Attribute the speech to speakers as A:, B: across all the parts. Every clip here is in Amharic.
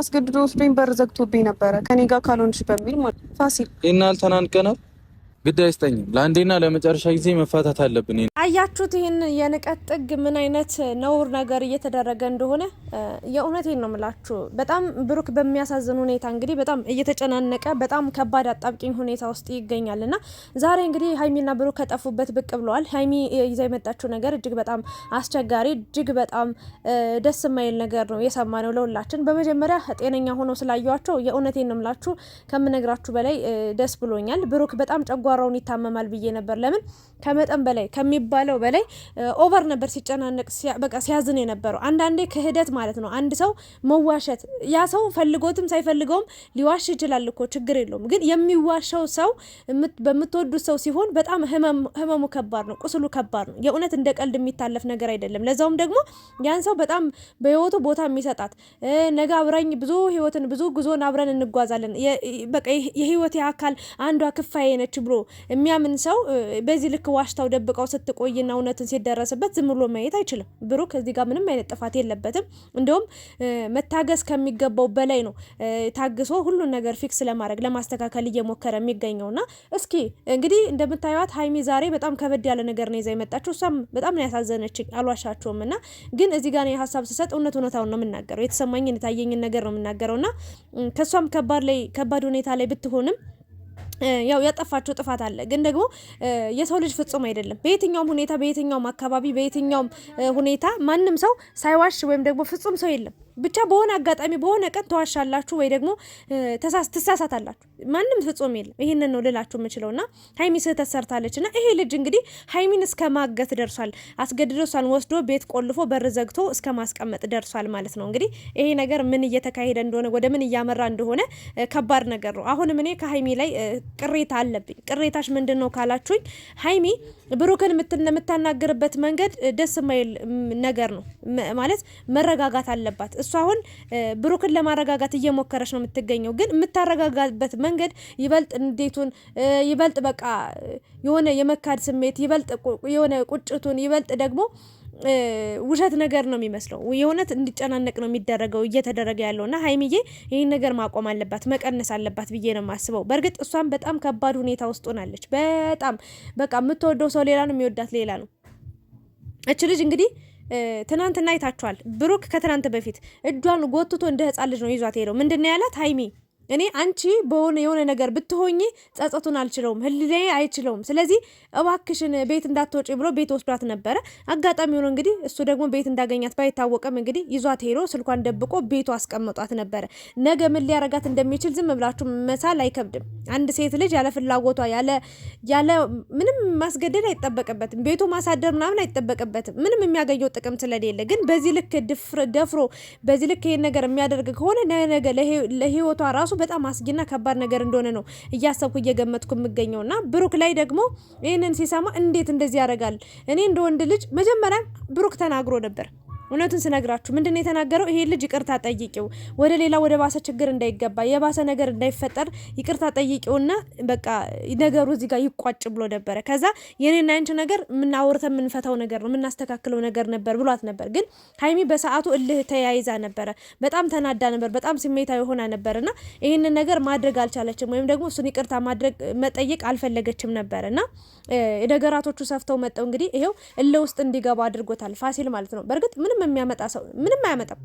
A: አስገድዶ ወስዶኝ በር ዘግቶብኝ ነበረ ከኔ ጋር ካልሆንሽ በሚል ማለት ፋሲል
B: ይናል ተናንቀናል። ግድ አይስጠኝም። ለአንዴና ለመጨረሻ ጊዜ መፋታት አለብን።
A: አያችሁት? ይህን የንቀት ጥግ ምን አይነት ነውር ነገር እየተደረገ እንደሆነ የእውነቴን ነው ምላችሁ በጣም ብሩክ በሚያሳዝን ሁኔታ እንግዲህ በጣም እየተጨናነቀ በጣም ከባድ አጣብቂኝ ሁኔታ ውስጥ ይገኛል እና ዛሬ እንግዲህ ሀይሚና ብሩክ ከጠፉበት ብቅ ብለዋል። ሀይሚ ይዛ የመጣችው ነገር እጅግ በጣም አስቸጋሪ፣ እጅግ በጣም ደስ የማይል ነገር ነው ነው ለሁላችን። በመጀመሪያ ጤነኛ ሆኖ ስላየቸው የእውነቴን ነው ምላችሁ ከምነግራችሁ በላይ ደስ ብሎኛል። ብሩክ በጣም ጨጓራውን ይታመማል ብዬ ነበር። ለምን ከመጠን በላይ ከሚባ ከሚባለው በላይ ኦቨር ነበር ሲጨናነቅ በቃ ሲያዝን የነበረው። አንዳንዴ ክህደት ማለት ነው አንድ ሰው መዋሸት፣ ያ ሰው ፈልጎትም ሳይፈልገውም ሊዋሽ ይችላል እኮ ችግር የለውም። ግን የሚዋሸው ሰው በምትወዱት ሰው ሲሆን በጣም ህመሙ ከባድ ነው፣ ቁስሉ ከባድ ነው። የእውነት እንደ ቀልድ የሚታለፍ ነገር አይደለም። ለዛውም ደግሞ ያን ሰው በጣም በህይወቱ ቦታ የሚሰጣት ነገ አብረኝ ብዙ ህይወትን ብዙ ጉዞን አብረን እንጓዛለን በቃ የህይወት አካል አንዷ ክፋዬ ነች ብሎ የሚያምን ሰው በዚህ ልክ ዋሽታው ደብቀው ስትቆ ቆይና እውነትን ሲደረስበት ዝም ብሎ ማየት አይችልም። ብሩክ እዚህ ጋር ምንም አይነት ጥፋት የለበትም። እንዲሁም መታገስ ከሚገባው በላይ ነው ታግሶ ሁሉን ነገር ፊክስ ለማድረግ ለማስተካከል እየሞከረ የሚገኘውና እስኪ እንግዲህ እንደምታዩት ሀይሚ ዛሬ በጣም ከበድ ያለ ነገር ነው ይዛ የመጣችው። እሷም በጣም ነው ያሳዘነችኝ አልዋሻችሁም። እና ግን እዚህ ጋር ሀሳብ ስሰጥ እውነት እውነታውን ነው የምናገረው። የተሰማኝን የታየኝን ነገር ነው የምናገረውና ከእሷም ከባድ ላይ ከባድ ሁኔታ ላይ ብትሆንም ያው ያጠፋቸው ጥፋት አለ። ግን ደግሞ የሰው ልጅ ፍጹም አይደለም። በየትኛውም ሁኔታ፣ በየትኛውም አካባቢ፣ በየትኛውም ሁኔታ ማንም ሰው ሳይዋሽ ወይም ደግሞ ፍጹም ሰው የለም። ብቻ በሆነ አጋጣሚ በሆነ ቀን ተዋሻላችሁ ወይ ደግሞ ትሳሳታላችሁ። ማንም ፍጹም የለም። ይህንን ነው ልላችሁ የምችለው። ና ሀይሚ ስህተት ሰርታለች። ና ይሄ ልጅ እንግዲህ ሀይሚን እስከ ማገት ደርሷል። አስገድዶሷን ወስዶ ቤት ቆልፎ በር ዘግቶ እስከ ማስቀመጥ ደርሷል ማለት ነው። እንግዲህ ይሄ ነገር ምን እየተካሄደ እንደሆነ ወደ ምን እያመራ እንደሆነ ከባድ ነገር ነው። አሁንም እኔ ከሀይሚ ላይ ቅሬታ አለብኝ። ቅሬታሽ ምንድን ነው ካላችሁኝ፣ ሀይሚ ብሩክን የምታናግርበት መንገድ ደስ የማይል ነገር ነው ማለት መረጋጋት አለባት። እሷ አሁን ብሩክን ለማረጋጋት እየሞከረች ነው የምትገኘው። ግን የምታረጋጋበት መንገድ ይበልጥ እንዴቱን ይበልጥ በቃ የሆነ የመካድ ስሜት ይበልጥ የሆነ ቁጭቱን ይበልጥ ደግሞ ውሸት ነገር ነው የሚመስለው። የእውነት እንዲጨናነቅ ነው የሚደረገው እየተደረገ ያለው እና ሀይሚዬ ይህን ነገር ማቆም አለባት መቀነስ አለባት ብዬ ነው የማስበው። በእርግጥ እሷም በጣም ከባድ ሁኔታ ውስጥ ሆናለች። በጣም በቃ የምትወደው ሰው ሌላ ነው፣ የሚወዳት ሌላ ነው። እች ልጅ እንግዲህ ትናንትና አይታችኋል። ብሩክ ከትናንት በፊት እጇን ጎትቶ እንደ ህፃን ልጅ ነው ይዟት ሄደው። ምንድን ነው ያላት ሀይሚ እኔ አንቺ በሆነ የሆነ ነገር ብትሆኝ ጸጸቱን አልችለውም፣ ህሊናዬ አይችለውም። ስለዚህ እባክሽን ቤት እንዳትወጪ ብሎ ቤት ወስዷት ነበረ። አጋጣሚ ሆኖ እንግዲህ እሱ ደግሞ ቤት እንዳገኛት ባይታወቀም እንግዲህ ይዟት ሄዶ ስልኳን ደብቆ ቤቱ አስቀምጧት ነበረ። ነገ ምን ሊያረጋት እንደሚችል ዝም ብላችሁ መሳል አይከብድም። አንድ ሴት ልጅ ያለ ፍላጎቷ ያለ ምንም ማስገደድ አይጠበቅበትም። ቤቱ ማሳደር ምናምን አይጠበቅበትም። ምንም የሚያገኘው ጥቅም ስለሌለ ግን በዚህ ልክ ደፍሮ በዚህ ልክ ይሄን ነገር የሚያደርግ ከሆነ ነገ ለህይወቷ ራሱ በጣም አስጊና ከባድ ነገር እንደሆነ ነው እያሰብኩ እየገመትኩ የምገኘው እና ብሩክ ላይ ደግሞ ይህንን ሲሰማ እንዴት እንደዚህ ያደርጋል? እኔ እንደ ወንድ ልጅ መጀመሪያ ብሩክ ተናግሮ ነበር እውነቱን ስነግራችሁ ምንድን ነው የተናገረው? ይሄ ልጅ ይቅርታ ጠይቂው፣ ወደ ሌላ ወደ ባሰ ችግር እንዳይገባ የባሰ ነገር እንዳይፈጠር ይቅርታ ጠይቂውና በቃ ነገሩ እዚህ ጋር ይቋጭ ብሎ ነበረ። ከዛ የኔና አንቺ ነገር የምናወርተን የምንፈታው ነገር ነው የምናስተካክለው ነገር ነበር ብሏት ነበር። ግን ሀይሚ በሰዓቱ እልህ ተያይዛ ነበረ፣ በጣም ተናዳ ነበር፣ በጣም ስሜታዊ ሆና ነበርና ይህንን ነገር ማድረግ አልቻለችም፣ ወይም ደግሞ እሱን ይቅርታ ማድረግ መጠየቅ አልፈለገችም ነበርና ነገራቶቹ ሰፍተው መጠው እንግዲህ ይሄው እልህ ውስጥ እንዲገባ አድርጎታል ፋሲል ማለት ነው። በእርግጥ ምንም ምንም የሚያመጣ ሰው ምንም አያመጣም።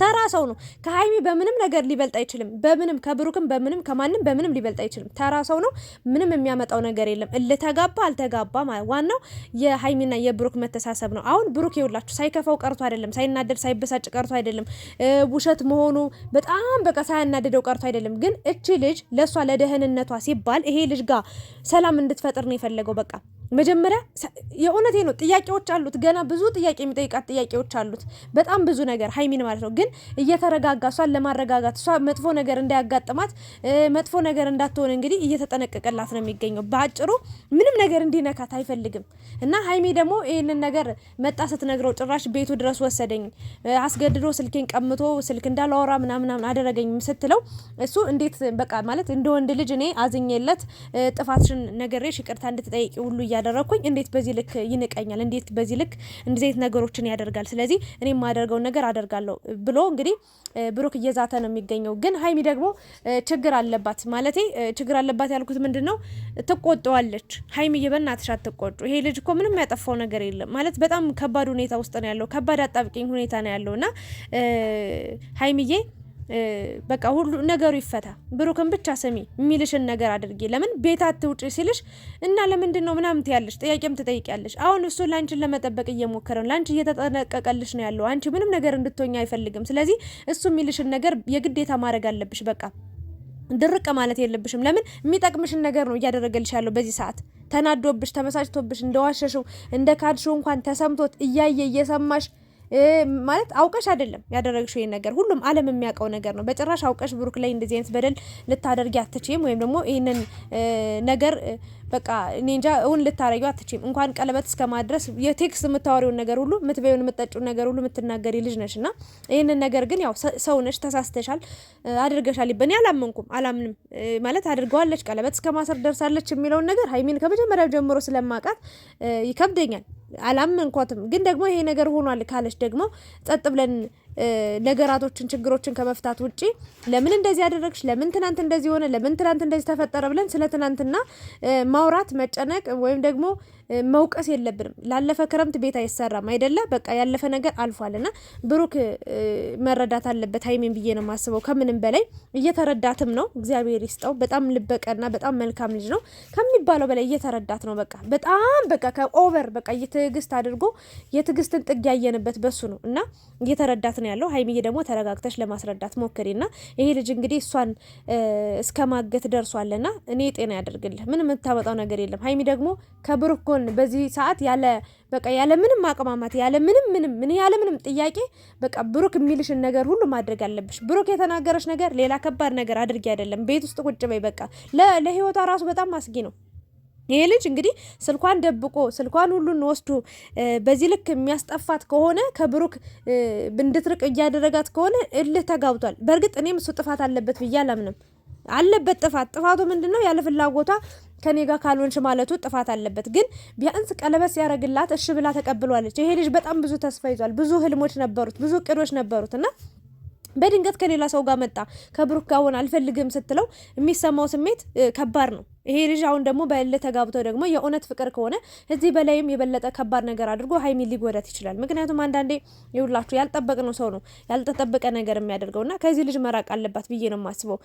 A: ተራ ሰው ነው። ከሀይሚ በምንም ነገር ሊበልጥ አይችልም። በምንም ከብሩክም፣ በምንም ከማንም በምንም ሊበልጥ አይችልም። ተራ ሰው ነው። ምንም የሚያመጣው ነገር የለም። እልተጋባ አልተጋባ ማለት ዋናው የሀይሚና የብሩክ መተሳሰብ ነው። አሁን ብሩክ ይውላችሁ ሳይከፋው ቀርቶ አይደለም፣ ሳይናደድ ሳይበሳጭ ቀርቶ አይደለም፣ ውሸት መሆኑ በጣም በቃ ሳያናደደው ቀርቶ አይደለም። ግን እቺ ልጅ ለእሷ ለደህንነቷ ሲባል ይሄ ልጅ ጋር ሰላም እንድትፈጥር ነው የፈለገው በቃ መጀመሪያ የእውነቴ ነው። ጥያቄዎች አሉት ገና ብዙ ጥያቄ የሚጠይቃት ጥያቄዎች አሉት በጣም ብዙ ነገር ሀይሚን ማለት ነው። ግን እየተረጋጋ እሷን ለማረጋጋት እሷ መጥፎ ነገር እንዳያጋጥማት መጥፎ ነገር እንዳትሆን እንግዲህ እየተጠነቀቀላት ነው የሚገኘው። በአጭሩ ምንም ነገር እንዲነካት አይፈልግም እና ሀይሚ ደግሞ ይህንን ነገር መጣ ስትነግረው ጭራሽ ቤቱ ድረስ ወሰደኝ አስገድዶ ስልኬን ቀምቶ ስልክ እንዳላወራ ምናምናምን አደረገኝ ስትለው እሱ እንዴት በቃ ማለት እንደ ወንድ ልጅ እኔ አዝኜለት ጥፋትሽን ነገሬሽ ይቅርታ እንድትጠይቂ ሁሉ እያ እያደረግኩኝ እንዴት በዚህ ልክ ይንቀኛል? እንዴት በዚህ ልክ እንደዚህ አይነት ነገሮችን ያደርጋል? ስለዚህ እኔ የማደርገውን ነገር አደርጋለሁ ብሎ እንግዲህ ብሩክ እየዛተ ነው የሚገኘው። ግን ሀይሚ ደግሞ ችግር አለባት ማለቴ ችግር አለባት ያልኩት ምንድን ነው ትቆጠዋለች። ሀይሚዬ በእናትሽ አትቆጩ። ይሄ ልጅ እኮ ምንም ያጠፋው ነገር የለም ማለት በጣም ከባድ ሁኔታ ውስጥ ነው ያለው። ከባድ አጣብቂኝ ሁኔታ ነው ያለው እና ሀይሚዬ በቃ ሁሉ ነገሩ ይፈታ፣ ብሩክን ብቻ ስሚ፣ የሚልሽን ነገር አድርጊ። ለምን ቤት አትውጪ ሲልሽ እና ለምንድን ነው ምናምን ትያለሽ፣ ጥያቄም ትጠይቂያለሽ። አሁን እሱ ለአንቺን ለመጠበቅ እየሞከረ ነው፣ ለአንቺ እየተጠነቀቀልሽ ነው ያለው። አንቺ ምንም ነገር እንድትሆኝ አይፈልግም። ስለዚህ እሱ የሚልሽን ነገር የግዴታ ማድረግ አለብሽ። በቃ ድርቅ ማለት የለብሽም። ለምን የሚጠቅምሽን ነገር ነው እያደረገልሽ ያለው በዚህ ሰዓት ተናዶብሽ፣ ተመሳጭቶብሽ እንደዋሸሽው እንደ ካድሽው እንኳን ተሰምቶት እያየ እየሰማሽ ማለት አውቀሽ አይደለም ያደረግሽው ይሄን ነገር፣ ሁሉም ዓለም የሚያውቀው ነገር ነው። በጭራሽ አውቀሽ ብሩክ ላይ እንደዚህ አይነት በደል ልታደርጊ አትችይም፣ ወይም ደግሞ ይህንን ነገር በቃ እኔ እንጃ እውን ልታረዩ አትችም። እንኳን ቀለበት እስከ ማድረስ የቴክስት የምታወሪውን ነገር ሁሉ ምትበዩን የምትጠጪውን ነገር ሁሉ የምትናገሪ ልጅ ነሽ እና ይህንን ነገር ግን ያው ሰው ነሽ፣ ተሳስተሻል፣ አድርገሻል ይበኔ አላመንኩም፣ አላምንም ማለት አድርገዋለች፣ ቀለበት እስከ ማሰር ደርሳለች የሚለውን ነገር ሀይሚን ከመጀመሪያው ጀምሮ ስለማውቃት ይከብደኛል። አላመንኳትም። ግን ደግሞ ይሄ ነገር ሆኗል ካለች ደግሞ ጸጥ ብለን ነገራቶችን ችግሮችን ከመፍታት ውጪ ለምን እንደዚህ ያደረግሽ፣ ለምን ትናንት እንደዚህ ሆነ፣ ለምን ትናንት እንደዚህ ተፈጠረ ብለን ስለ ትናንትና ማውራት መጨነቅ ወይም ደግሞ መውቀስ የለብንም። ላለፈ ክረምት ቤት አይሰራም አይደለ? በቃ ያለፈ ነገር አልፏል እና ብሩክ መረዳት አለበት ሀይሜን ብዬ ነው የማስበው። ከምንም በላይ እየተረዳትም ነው። እግዚአብሔር ይስጠው። በጣም ልበቀና በጣም መልካም ልጅ ነው ከሚባለው በላይ እየተረዳት ነው። በቃ በጣም በቃ ከኦቨር በቃ የትዕግስት አድርጎ የትዕግስትን ጥግ ያየንበት በሱ ነው እና እየተረዳት ነው ነው ያለው። ሀይሚዬ ደግሞ ተረጋግተሽ ለማስረዳት ሞክሪና ይሄ ልጅ እንግዲህ እሷን እስከ ማገት ደርሷልና እኔ ጤና ያደርግልህ። ምን የምታመጣው ነገር የለም። ሀይሚ ደግሞ ከብሩክ ጎን በዚህ ሰዓት ያለ በቃ ያለ ምንም አቅማማት ያለ ምንም ምንም ምን ያለ ምንም ጥያቄ በቃ ብሩክ የሚልሽን ነገር ሁሉ ማድረግ አለብሽ። ብሩክ የተናገረሽ ነገር ሌላ ከባድ ነገር አድርጊ አይደለም። ቤት ውስጥ ቁጭ በይ። በቃ ለህይወቷ ራሱ በጣም አስጊ ነው። ይሄ ልጅ እንግዲህ ስልኳን ደብቆ ስልኳን ሁሉን ወስዶ በዚህ ልክ የሚያስጠፋት ከሆነ ከብሩክ እንድትርቅ እያደረጋት ከሆነ እልህ ተጋብቷል። በእርግጥ እኔም እሱ ጥፋት አለበት ብዬ አላምንም። አለበት ጥፋት። ጥፋቱ ምንድን ነው? ያለ ፍላጎቷ ከኔ ጋር ካልሆንሽ ማለቱ ጥፋት አለበት። ግን ቢያንስ ቀለበት ሲያደርግላት እሺ ብላ ተቀብሏለች። ይሄ ልጅ በጣም ብዙ ተስፋ ይዟል። ብዙ ህልሞች ነበሩት፣ ብዙ እቅዶች ነበሩት እና በድንገት ከሌላ ሰው ጋር መጣ። ከብሩክ ጋር ሆን አልፈልግም ስትለው የሚሰማው ስሜት ከባድ ነው። ይሄ ልጅ አሁን ደግሞ በእለ ተጋብቶ ደግሞ የእውነት ፍቅር ከሆነ እዚህ በላይም የበለጠ ከባድ ነገር አድርጎ ሀይሚ ሊጎዳት ይችላል። ምክንያቱም አንዳንዴ ይውላችሁ ያልጠበቅነው ሰው ነው ያልተጠበቀ ነገር የሚያደርገው እና ከዚህ ልጅ መራቅ አለባት ብዬ ነው የማስበው።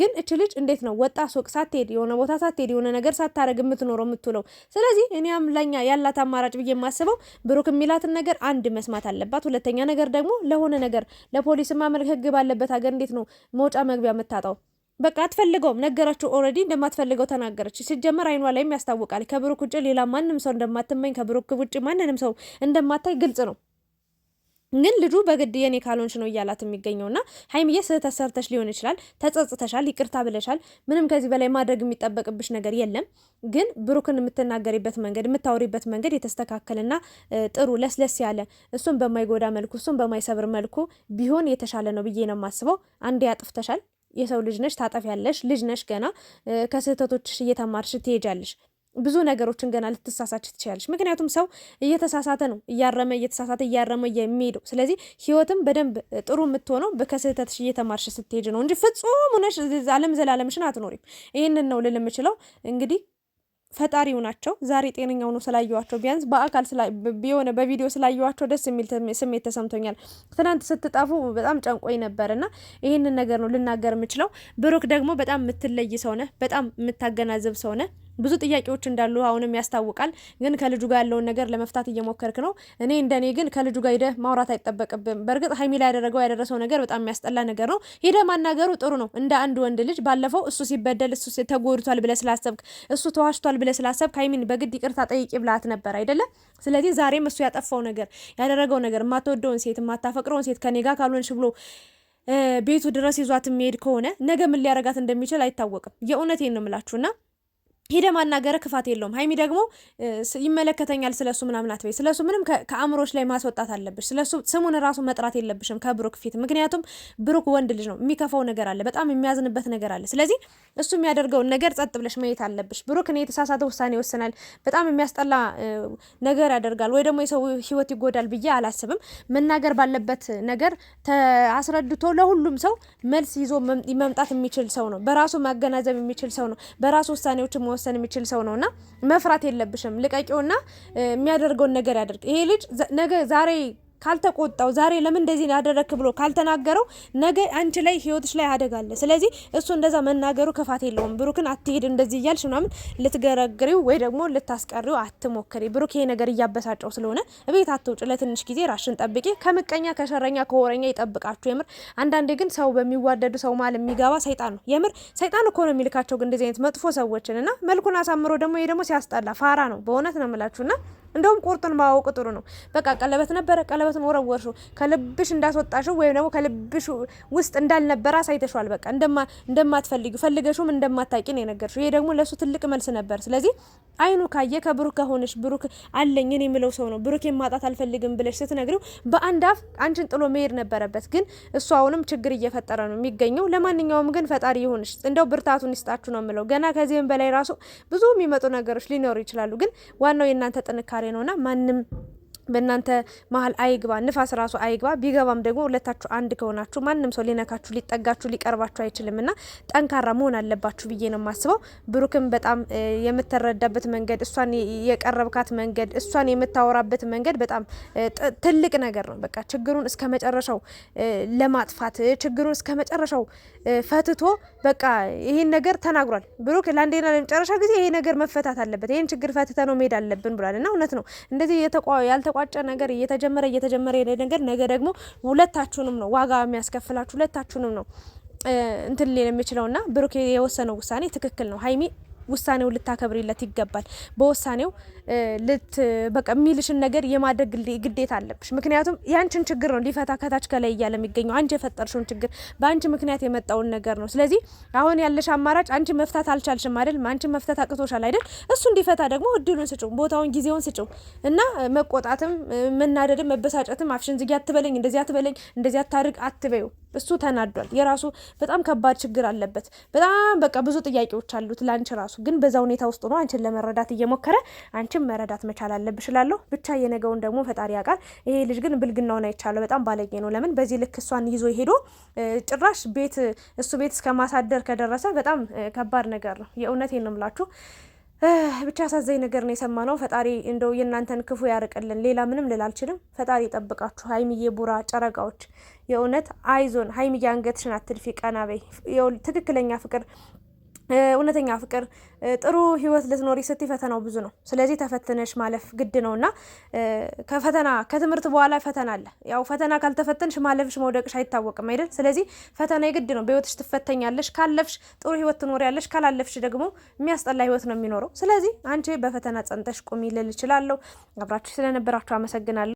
A: ግን እች ልጅ እንዴት ነው ወጣ ሱቅ ሳትሄድ የሆነ ቦታ ሳትሄድ የሆነ ነገር ሳታደረግ የምትኖረው የምትውለው። ስለዚህ እኔም ለኛ ያላት አማራጭ ብዬ የማስበው ብሩክ የሚላትን ነገር አንድ መስማት አለባት። ሁለተኛ ነገር ደግሞ ለሆነ ነገር ለፖሊስ ማመልክ ህግ ባለበት ሀገር እንዴት ነው መውጫ መግቢያ የምታጣው? በቃ አትፈልገውም። ነገራችሁ ኦልሬዲ እንደማትፈልገው ተናገረች። ሲጀመር አይኗ ላይም ያስታውቃል። ከብሩክ ውጭ ሌላ ማንም ሰው እንደማትመኝ ከብሩክ ውጭ ማንንም ሰው እንደማታይ ግልጽ ነው። ግን ልጁ በግድ የኔ ካልሆንሽ ነው እያላት የሚገኘው እና ሀይሚዬ ስህተት ሰርተሽ ሊሆን ይችላል፣ ተጸጽተሻል፣ ይቅርታ ብለሻል። ምንም ከዚህ በላይ ማድረግ የሚጠበቅብሽ ነገር የለም። ግን ብሩክን የምትናገሪበት መንገድ፣ የምታወሪበት መንገድ የተስተካከለና ጥሩ ለስለስ ያለ እሱን በማይጎዳ መልኩ፣ እሱን በማይሰብር መልኩ ቢሆን የተሻለ ነው ብዬ ነው የማስበው። አንዴ አጥፍተሻል። የሰው ልጅ ነሽ፣ ታጠፊያለሽ፣ ልጅ ነሽ ገና ከስህተቶችሽ እየተማርሽ ትሄጃለሽ። ብዙ ነገሮችን ገና ልትሳሳች ትችላለች። ምክንያቱም ሰው እየተሳሳተ ነው እያረመ እየተሳሳተ እያረመ የሚሄደው። ስለዚህ ህይወትም በደንብ ጥሩ የምትሆነው ከስህተትሽ እየተማርሽ ስትሄጅ ነው እንጂ ፍጹም ሆነሽ ዓለም ዘላለምሽን አትኖሪም። ይህንን ነው ልል የምችለው እንግዲህ ፈጣሪው ናቸው። ዛሬ ጤነኛ ሆኖ ስላየዋቸው ቢያንስ በአካል ቢሆነ በቪዲዮ ስላየዋቸው ደስ የሚል ስሜት ተሰምቶኛል። ትናንት ስትጣፉ በጣም ጨንቆኝ ነበር እና ይህንን ነገር ነው ልናገር የምችለው። ብሩክ ደግሞ በጣም የምትለይ ሰው ነህ፣ በጣም የምታገናዘብ ሰው ነህ። ብዙ ጥያቄዎች እንዳሉ አሁንም ያስታውቃል። ግን ከልጁ ጋር ያለውን ነገር ለመፍታት እየሞከርክ ነው። እኔ እንደኔ ግን ከልጁ ጋር ሄደህ ማውራት አይጠበቅብም። በእርግጥ ሀይሚ ላይ ያደረገው ያደረሰው ነገር በጣም የሚያስጠላ ነገር ነው። ሄደህ ማናገሩ ጥሩ ነው። እንደ አንድ ወንድ ልጅ ባለፈው እሱ ሲበደል እሱ ተጎድቷል ብለህ ስላሰብክ እሱ ተዋሽቷል ብለህ ስላሰብክ ሀይሚን በግድ ይቅርታ ጠይቂ ብላት ነበር አይደለም? ስለዚህ ዛሬም እሱ ያጠፋው ነገር ያደረገው ነገር የማትወደውን ሴት የማታፈቅረውን ሴት ከኔ ጋር ካልሆንሽ ብሎ ቤቱ ድረስ ይዟት የሚሄድ ከሆነ ነገ ምን ሊያረጋት እንደሚችል አይታወቅም። የእውነቴን ነው የምላችሁና ሄደ ማናገረ ክፋት የለውም። ሀይሚ ደግሞ ይመለከተኛል ስለሱ ምናምን አትበይ። ስለሱ ምንም ከአእምሮች ላይ ማስወጣት አለብሽ። ስለሱ ስሙን ራሱ መጥራት የለብሽም ከብሩክ ፊት። ምክንያቱም ብሩክ ወንድ ልጅ ነው፣ የሚከፋው ነገር አለ፣ በጣም የሚያዝንበት ነገር አለ። ስለዚህ እሱ የሚያደርገውን ነገር ጸጥ ብለሽ ማየት አለብሽ። ብሩክ እኔ የተሳሳተ ውሳኔ ይወስናል፣ በጣም የሚያስጠላ ነገር ያደርጋል፣ ወይ ደግሞ የሰው ህይወት ይጎዳል ብዬ አላስብም። መናገር ባለበት ነገር አስረድቶ ለሁሉም ሰው መልስ ይዞ መምጣት የሚችል ሰው ነው። በራሱ ማገናዘብ የሚችል ሰው ነው። በራሱ ውሳኔዎች መወሰን የሚችል ሰው ነውና መፍራት የለብሽም። ልቀቂውና የሚያደርገውን ነገር ያደርግ። ይሄ ልጅ ነገ ዛሬ ካልተቆጣው፣ ዛሬ ለምን እንደዚህ ያደረክ ብሎ ካልተናገረው ነገ አንቺ ላይ ህይወትሽ ላይ አደጋ አለ። ስለዚህ እሱ እንደዛ መናገሩ ክፋት የለውም። ብሩክን አትሄድ እንደዚህ እያልሽ ምናምን ልትገረግሪው ወይ ደግሞ ልታስቀሪው አትሞክሪ። ብሩክ ይሄ ነገር እያበሳጨው ስለሆነ እቤት አትውጭ፣ ለትንሽ ጊዜ ራሽን ጠብቂ። ከምቀኛ ከሸረኛ ከወረኛ ይጠብቃችሁ። የምር አንዳንዴ ግን ሰው በሚዋደዱ ሰው ማል የሚገባ ሰይጣን ነው። የምር ሰይጣን እኮ ነው የሚልካቸው እንደዚህ አይነት መጥፎ ሰዎችን እና መልኩን አሳምሮ ደግሞ ይሄ ደግሞ ሲያስጠላ ፋራ ነው። በእውነት ነው የምላችሁና እንደውም ቁርጡን ማወቅ ጥሩ ነው። በቃ ቀለበት ነበረ፣ ቀለበትን ወረወርሽው፣ ከልብሽ እንዳስወጣሽው ወይም ደግሞ ከልብሽ ውስጥ እንዳልነበረ አሳይተሽዋል። በቃ እንደማትፈልጊው ፈልገሽውም እንደማታቂ ነው የነገርሽው። ይሄ ደግሞ ለሱ ትልቅ መልስ ነበር። ስለዚህ አይኑ ካየ ከብሩክ ከሆነሽ ብሩክ አለኝ እኔ የምለው ሰው ነው ብሩክ የማጣት አልፈልግም ብለሽ ስትነግሪው በአንድ አፍ አንቺን ጥሎ መሄድ ነበረበት። ግን እሱ አሁንም ችግር እየፈጠረ ነው የሚገኘው። ለማንኛውም ግን ፈጣሪ ይሁንሽ፣ እንደው ብርታቱን ይስጣችሁ ነው የምለው። ገና ከዚህም በላይ ራሱ ብዙ የሚመጡ ነገሮች ሊኖሩ ይችላሉ። ግን ዋናው የእናንተ ጥንካሬ ነው እና ማንም በእናንተ መሀል አይግባ፣ ንፋስ ራሱ አይግባ። ቢገባም ደግሞ ሁለታችሁ አንድ ከሆናችሁ ማንም ሰው ሊነካችሁ፣ ሊጠጋችሁ፣ ሊቀርባችሁ አይችልም እና ጠንካራ መሆን አለባችሁ ብዬ ነው የማስበው። ብሩክም በጣም የምትረዳበት መንገድ፣ እሷን የቀረብካት መንገድ፣ እሷን የምታወራበት መንገድ በጣም ትልቅ ነገር ነው። በቃ ችግሩን እስከ መጨረሻው ለማጥፋት ችግሩን እስከ መጨረሻው ፈትቶ በቃ ይህን ነገር ተናግሯል ብሩክ። ለአንዴና ለመጨረሻ ጊዜ ይሄ ነገር መፈታት አለበት፣ ይህን ችግር ፈትተ ነው መሄድ አለብን ብሏል እና እውነት ነው እንደዚህ የተቋጨ ነገር እየተጀመረ እየተጀመረ የሄደ ነገር ነገ ደግሞ ሁለታችሁንም ነው ዋጋ የሚያስከፍላችሁ ሁለታችሁንም ነው እንትን ሊል የሚችለውና ብሩክ የወሰነው ውሳኔ ትክክል ነው። ሀይሚ ውሳኔው ልታከብሪለት ይገባል። በውሳኔው ልት በቃ የሚልሽን ነገር የማድረግ ግዴታ አለብሽ። ምክንያቱም ያንቺን ችግር ነው ሊፈታ ከታች ከላይ እያለ የሚገኘው አንቺ የፈጠርሽውን ችግር በአንቺ ምክንያት የመጣውን ነገር ነው። ስለዚህ አሁን ያለሽ አማራጭ አንቺ መፍታት አልቻልሽም አይደል? አንቺ መፍታት አቅቶሻል አይደል? እሱ እንዲፈታ ደግሞ እድሉን ስጭው፣ ቦታውን፣ ጊዜውን ስጭው እና መቆጣትም፣ መናደድም፣ መበሳጨትም አፍሽን ዝጊ አትበለኝ፣ እንደዚህ አትበለኝ፣ እንደዚህ አታርግ አትበዩ እሱ ተናዷል። የራሱ በጣም ከባድ ችግር አለበት። በጣም በቃ ብዙ ጥያቄዎች አሉት ለአንቺ ራሱ ግን በዛ ሁኔታ ውስጥ ነው አንቺን ለመረዳት እየሞከረ አንቺም መረዳት መቻል አለብሽ እላለሁ። ብቻ የነገውን ደግሞ ፈጣሪ ያውቃል። ይሄ ልጅ ግን ብልግናውን አይቻለሁ። በጣም ባለጌ ነው። ለምን በዚህ ልክ እሷን ይዞ ሄዶ ጭራሽ ቤት እሱ ቤት እስከ ማሳደር ከደረሰ በጣም ከባድ ነገር ነው። የእውነቴን ነው የምላችሁ። ብቻ ያሳዘኝ ነገር ነው የሰማነው። ፈጣሪ እንደው የእናንተን ክፉ ያርቅልን። ሌላ ምንም ልል አልችልም። ፈጣሪ ጠብቃችሁ ሀይሚዬ፣ ቡራ፣ ጨረቃዎች የእውነት አይዞን። ሀይሚዬ አንገትሽን አትድፊ፣ ቀና በይ። ትክክለኛ ፍቅር እውነተኛ ፍቅር ጥሩ ህይወት ልትኖሪ ስቲ ፈተናው ብዙ ነው። ስለዚህ ተፈትነሽ ማለፍ ግድ ነው እና ከፈተና ከትምህርት በኋላ ፈተና አለ። ያው ፈተና ካልተፈተንሽ ማለፍሽ መውደቅሽ አይታወቅም አይደል? ስለዚህ ፈተና የግድ ነው። በህይወትሽ ትፈተኛለሽ። ካለፍሽ ጥሩ ህይወት ትኖሪያለሽ፣ ካላለፍሽ ደግሞ የሚያስጠላ ህይወት ነው የሚኖረው። ስለዚህ አንቺ በፈተና ጸንተሽ ቁሚ ልል እችላለሁ። አብራችሁ ስለነበራችሁ አመሰግናለሁ።